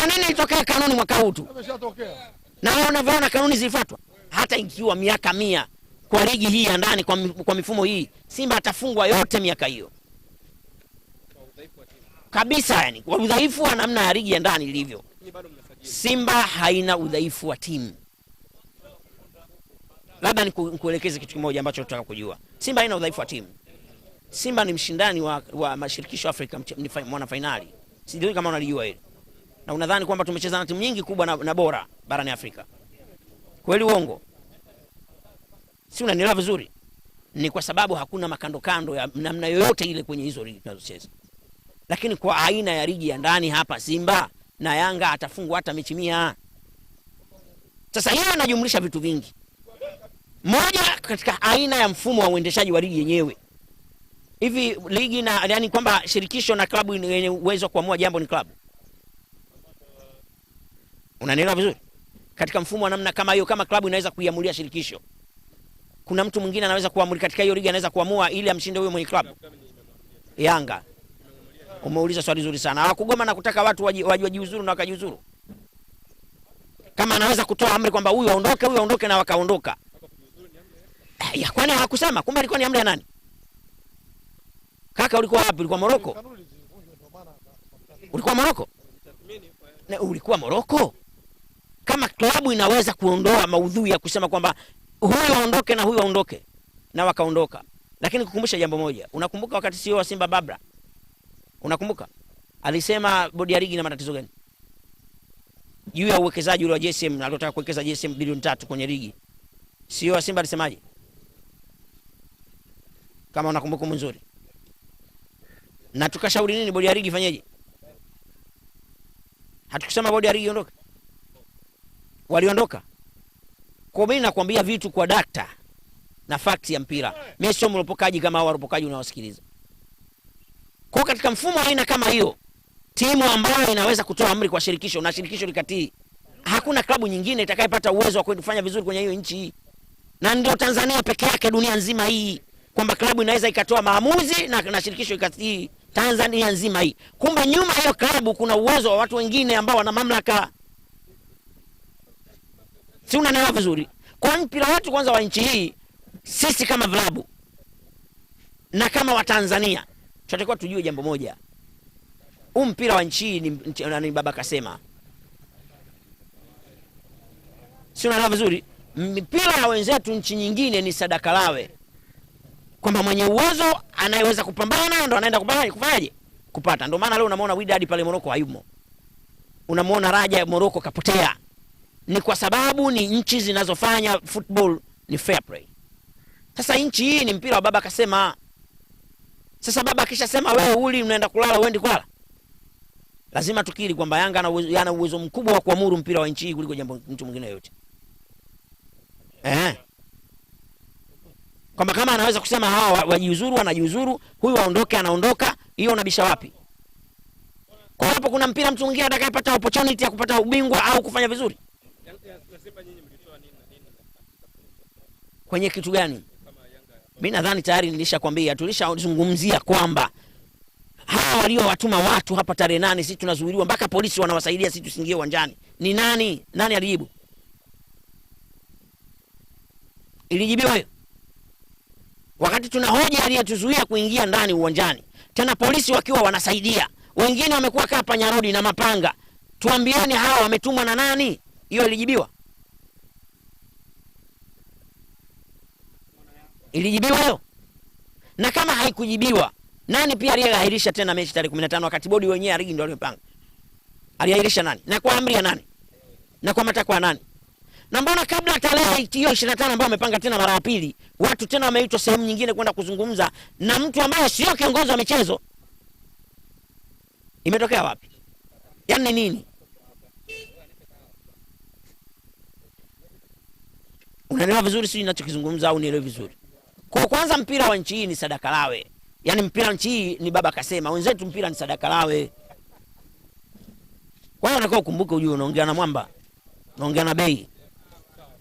Kwa nini ilitokea kanuni mwaka huu tu? Na wewe unavyoona kanuni zilifuatwa, hata ikiwa miaka mia kwa ligi hii ya ndani kwa, kwa mifumo hii Simba atafungwa yote miaka hiyo kabisa, yani kwa udhaifu wa namna ya ligi ya ndani ilivyo. Simba haina udhaifu wa timu. Labda nikuelekeze kitu kimoja ambacho nataka kujua. Simba haina udhaifu wa timu. Simba ni mshindani wa, wa mashirikisho Afrika, mwana fainali. Sijui kama unalijua hili na unadhani kwamba tumecheza na timu nyingi kubwa na, na bora barani Afrika. Kweli uongo? Si unanielewa vizuri? Ni kwa sababu hakuna makandokando ya namna yoyote ile kwenye hizo ligi tunazocheza. Lakini kwa aina ya ligi ya ndani hapa Simba na Yanga atafungwa hata mechi mia. Sasa hiyo inajumlisha vitu vingi. Moja katika aina ya mfumo wa uendeshaji wa ligi yenyewe. Hivi ligi na yani kwamba shirikisho na klabu yenye uwezo wa kuamua jambo ni klabu. Unanielewa vizuri? Katika mfumo wa namna kama hiyo, kama klabu inaweza kuiamulia shirikisho, kuna mtu mwingine anaweza kuamuri katika hiyo ligi, anaweza kuamua ili amshinde huyo mwenye klabu Yanga. Umeuliza swali zuri sana. Hawakugoma na kutaka watu wajiuzuru na wakajiuzuru. Kama anaweza kutoa amri kwamba huyu aondoke, huyu aondoke na wakaondoka. Eh, ya kwani hawakusema? Kumbe alikuwa ni amri ya nani? Kaka ulikuwa wapi? Ulikuwa Moroko? Ulikuwa Moroko? Na ulikuwa Moroko? kama klabu inaweza kuondoa maudhui ya kusema kwamba huyu aondoke na huyu aondoke na wakaondoka. Lakini kukumbusha jambo moja, unakumbuka wakati sio e wa Simba Babra, unakumbuka alisema bodi ya ligi na matatizo gani juu ya uwekezaji ule wa JSM alitaka kuwekeza JSM bilioni tatu kwenye ligi, sio e wa Simba alisemaje? Kama unakumbuka mzuri, na tukashauri nini bodi ya ligi fanyeje? Hatukusema bodi ya ligi iondoke waliondoka. Kwa mimi nakwambia vitu kwa data na fakti ya mpira. Mimi sio mlopokaji kama hao walopokaji unawasikiliza. Kwa katika mfumo aina kama hiyo, timu ambayo inaweza kutoa amri kwa shirikisho na shirikisho likatii, hakuna klabu nyingine itakayepata uwezo wa kufanya vizuri kwenye hiyo nchi hii, na ndio Tanzania peke yake dunia nzima hii kwamba klabu inaweza ikatoa maamuzi na, na shirikisho ikatii Tanzania nzima hii. Kumbe nyuma hiyo klabu kuna uwezo wa watu wengine ambao wana mamlaka si unanielewa vizuri? Kwa mpira wetu kwanza wa nchi hii, sisi kama vilabu na kama Watanzania tunatakiwa tujue jambo moja, huu mpira wa nchi hii ni, ni baba kasema, si unanielewa vizuri? Mpira ya wenzetu nchi nyingine ni sadaka lawe, kwamba mwenye uwezo anayeweza kupambana ndo anaenda kupambana kufanyaje kupata. Ndio maana leo unamwona Wydad pale Moroko hayumo, unamwona Raja Moroko kapotea ni kwa sababu ni nchi zinazofanya football ni fair play. Sasa nchi hii ni mpira wa baba akasema. Sasa baba akishasema wewe uli unaenda kulala uendi kulala, lazima tukiri kwamba Yanga ana uwezo uwezo mkubwa wa kuamuru mpira wa nchi hii kuliko jambo mtu mwingine yote. eh, kwamba kama anaweza kusema hawa wajiuzuru, wanajiuzuru, huyu aondoke anaondoka. Hiyo unabisha wapi? Kwa hapo kuna mpira mtu mwingine atakayepata opportunity ya kupata ubingwa au kufanya vizuri Kwenye kitu gani? Mi nadhani tayari nilishakwambia, tulishazungumzia kwamba hawa waliowatuma watu hapa tarehe nane, sisi tunazuiliwa mpaka polisi wanawasaidia sisi tusiingie uwanjani. Ni nani? Nani alijibu? Ilijibiwa hiyo wakati tuna hoja aliyetuzuia kuingia ndani uwanjani, tena polisi wakiwa wanasaidia, wengine wamekuwa kaa panyarodi na mapanga. Tuambieni, hawa wametumwa na nani? hiyo ilijibiwa, ilijibiwa hiyo. Na kama haikujibiwa, nani pia aliyeahirisha tena mechi tarehe 15 wakati bodi wenyewe ligi ndio aliyopanga? Aliahirisha nani na kwa amri ya nani na kwa matakwa ya nani? Na mbona kabla tarehe hiyo 25 ambayo wamepanga tena mara ya pili, watu tena wameitwa sehemu nyingine kwenda kuzungumza na mtu ambaye sio kiongozi wa michezo? Imetokea wapi? Yaani nini? Unaelewa vizuri sio ninachokizungumza au nielewe vizuri? Kwa kwanza mpira wa nchi hii ni sadaka lawe. Yaani mpira wa nchi hii ni baba kasema, wenzetu mpira ni sadaka lawe. Kwa hiyo unakuwa ukumbuke ujue unaongea na mwamba. Unaongea na bei.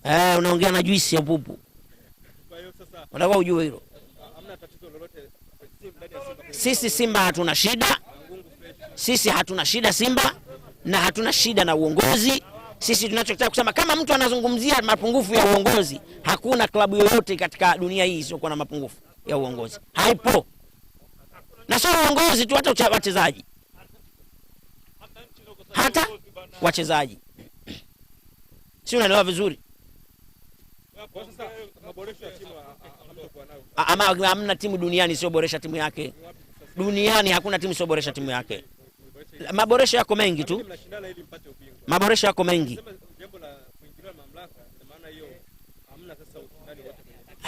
Eh, unaongea na juisi ya pupu. Unataka ujue hilo. Sisi Simba hatuna shida. Sisi hatuna shida Simba na hatuna shida na uongozi. Sisi tunachotaka kusema, kama mtu anazungumzia mapungufu ya uongozi, hakuna klabu yoyote katika dunia hii isiyokuwa na mapungufu ya uongozi, haipo. Na sio uongozi tu, hata wachezaji, hata wachezaji, si unaelewa vizuri ama hamna timu duniani isiyoboresha timu yake. Duniani hakuna timu isiyoboresha timu yake. Maboresho yako mengi tu maboresho yako mengi.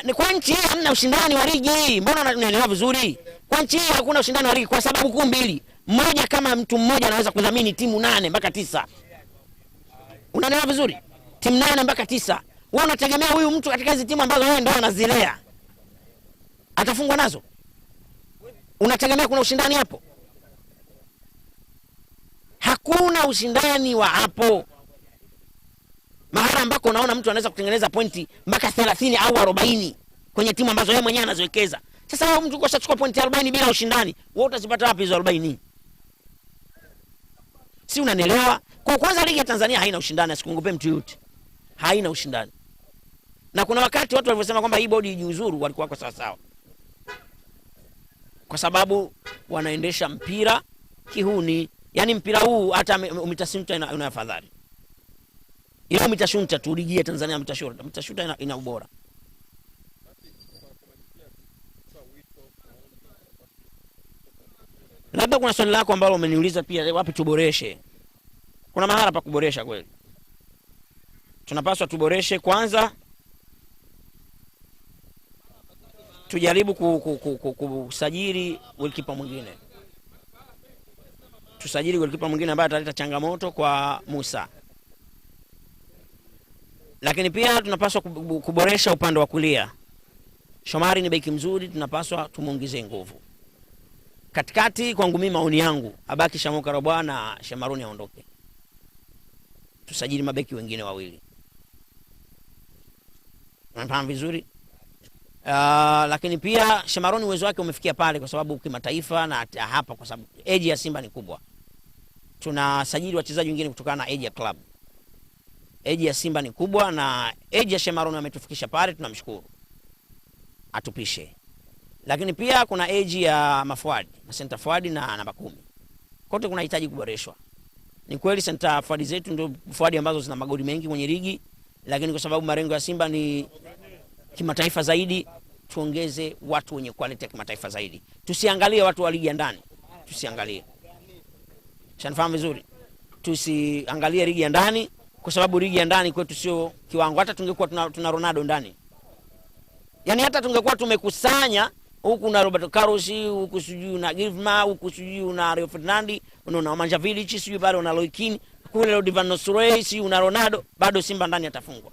Ni kwa nchi hii hamna ushindani wa ligi, mbona unanielewa vizuri? Kwa nchi hii hakuna ushindani wa ligi kwa sababu kuu mbili. Mmoja, kama mtu mmoja anaweza kudhamini timu nane mpaka tisa. Unanielewa vizuri? Timu nane mpaka tisa, wewe unategemea huyu mtu katika hizi timu ambazo wewe ndio unazilea atafungwa nazo? Unategemea kuna ushindani hapo? hakuna ushindani wa hapo, mahala ambako unaona mtu anaweza kutengeneza pointi mpaka thelathini au arobaini kwenye timu ambazo yeye mwenyewe anaziwekeza. Sasa huyo mtu kashachukua pointi arobaini bila ushindani, wewe utazipata wapi hizo arobaini? Si unanielewa? Kwa kwanza, ligi ya Tanzania haina ushindani, asikuongopee mtu yote, haina ushindani. Na kuna wakati watu walivyosema kwamba hii bodi ijiuzuru, walikuwa wako sawa sawa, kwa sababu wanaendesha mpira kihuni yani mpira huu hata mitashunta ina, ina afadhali ila mitashuta tu ligi Tanzania mitashuta mitashuta ina, ina ubora labda kuna swali lako ambalo umeniuliza pia, wapi tuboreshe? Kuna mahala pa kuboresha kweli, tunapaswa tuboreshe. Kwanza tujaribu kusajili ku, ku, ku, ku, mwingine tusajili golikipa mwingine ambaye ataleta changamoto kwa Musa. Lakini pia tunapaswa kuboresha upande wa kulia. Shomari ni beki mzuri, tunapaswa tumuongezee nguvu. Katikati kwangu mimi, maoni yangu abaki Shamuka na shamaruni aondoke, tusajili mabeki wengine wawili. Unafahamu vizuri. Uh, lakini pia Shemaroni uwezo wake umefikia pale kwa sababu kimataifa na hapa, kwa sababu eji ya Simba ni kubwa tunasajili wachezaji wengine kutokana na age ya club. Age ya Simba ni kubwa na age ya Shemaroni ametufikisha pale, tunamshukuru atupishe. Lakini pia kuna age ya mafuadi na center forward na namba kumi, kote kuna hitaji kuboreshwa. Ni kweli center forward zetu ndio forward ambazo zina magoli mengi kwenye ligi, lakini kwa sababu marengo ya Simba ni kimataifa zaidi, tuongeze watu wenye quality ya kimataifa zaidi, tusiangalie watu wa ligi ya ndani, tusiangalie Shanifahamu vizuri, tusiangalie ligi ya ndani kwa sababu ligi ya ndani kwetu sio kiwango. Hata tungekuwa tuna, tuna Ronaldo ndani, yaani hata tungekuwa tumekusanya huku na Roberto Carlos huku sijui na Griezmann huku sijui una Rio Ferdinand unaona manja Manjavilic sijui bado una Roy Keane kule Rodivano Suarez una Ronaldo bado Simba ndani atafungwa.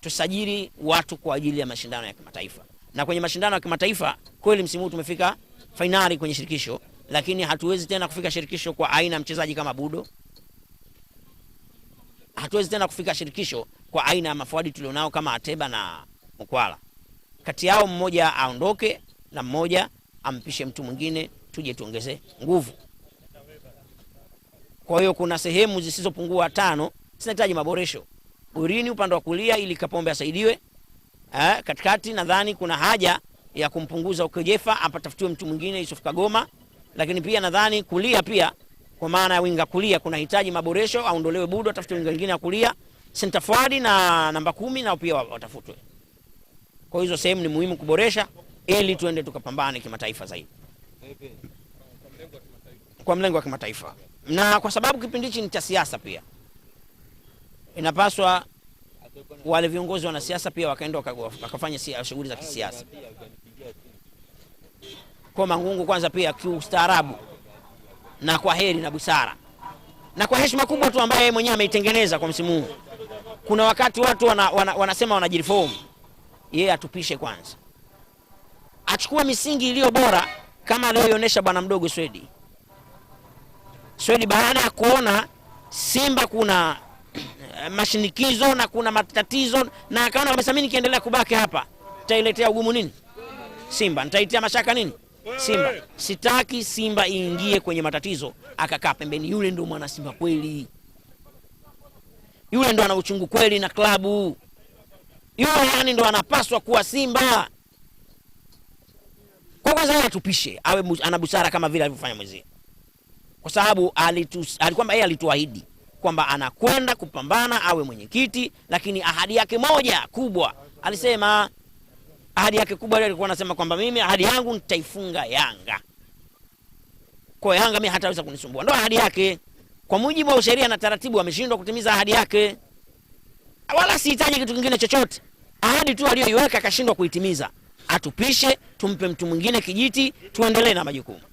Tusajili watu kwa ajili ya mashindano ya kimataifa, na kwenye mashindano ya kimataifa kweli msimu huu tumefika fainali kwenye shirikisho lakini hatuwezi tena kufika shirikisho kwa aina mchezaji kama Budo, hatuwezi tena kufika shirikisho kwa aina ya mafuadi tulionao kama Ateba na Mkwala. Kati yao mmoja aondoke na mmoja ampishe mtu mwingine, tuje tuongeze nguvu. Kwa hiyo kuna sehemu zisizopungua tano zinahitaji maboresho. Burini upande wa kulia, ili Kapombe asaidiwe. Eh, katikati nadhani kuna haja ya kumpunguza Ukejefa, apatafutiwe mtu mwingine Yusuf Kagoma lakini pia nadhani kulia pia kwa maana ya winga kulia kunahitaji maboresho, aondolewe Budo, atafute winga wengine wa kulia. Senta forward na namba kumi nao pia watafutwe. Kwa hizo sehemu ni muhimu kuboresha ili tuende tukapambane kimataifa zaidi, kwa mlengo wa kimataifa, na kwa sababu kipindi hichi ni cha siasa pia inapaswa wale viongozi wanasiasa pia wakaenda wakafanya shughuli za kisiasa kwa Mangungu kwanza pia kiustaarabu na kwa heri na busara na kwa heshima kubwa tu yeye mwenyewe ameitengeneza kwa msimu huu. Kuna wakati watu wana, wana, wanasema wanajireform, yeye atupishe kwanza, achukua misingi iliyo bora kama aliyoionyesha bwana mdogo Swedi. Swedi baada ya kuona Simba kuna eh, mashinikizo na kuna matatizo na akaona kabisa, mimi nikiendelea kubaki hapa nitailetea ugumu nini Simba, nitaitia mashaka nini Simba sitaki Simba iingie kwenye matatizo akakaa pembeni. Yule ndo mwana Simba kweli, yule ndo ana uchungu kweli na klabu, yule yani ndo anapaswa kuwa Simba. Kwa kwanza atupishe, awe ana busara kama vile alivyofanya mwenzie, kwa sababu alikwamba yeye alituahidi kwamba anakwenda kupambana awe mwenyekiti, lakini ahadi yake moja kubwa alisema ahadi yake kubwa alikuwa anasema kwamba mimi ahadi yangu nitaifunga Yanga, kwa Yanga mimi hataweza kunisumbua. Ndio ahadi yake kwa mujibu wa sheria na taratibu, ameshindwa kutimiza ahadi yake, wala sihitaji kitu kingine chochote. Ahadi tu aliyoiweka akashindwa kuitimiza, atupishe, tumpe mtu mwingine kijiti, tuendelee na majukumu.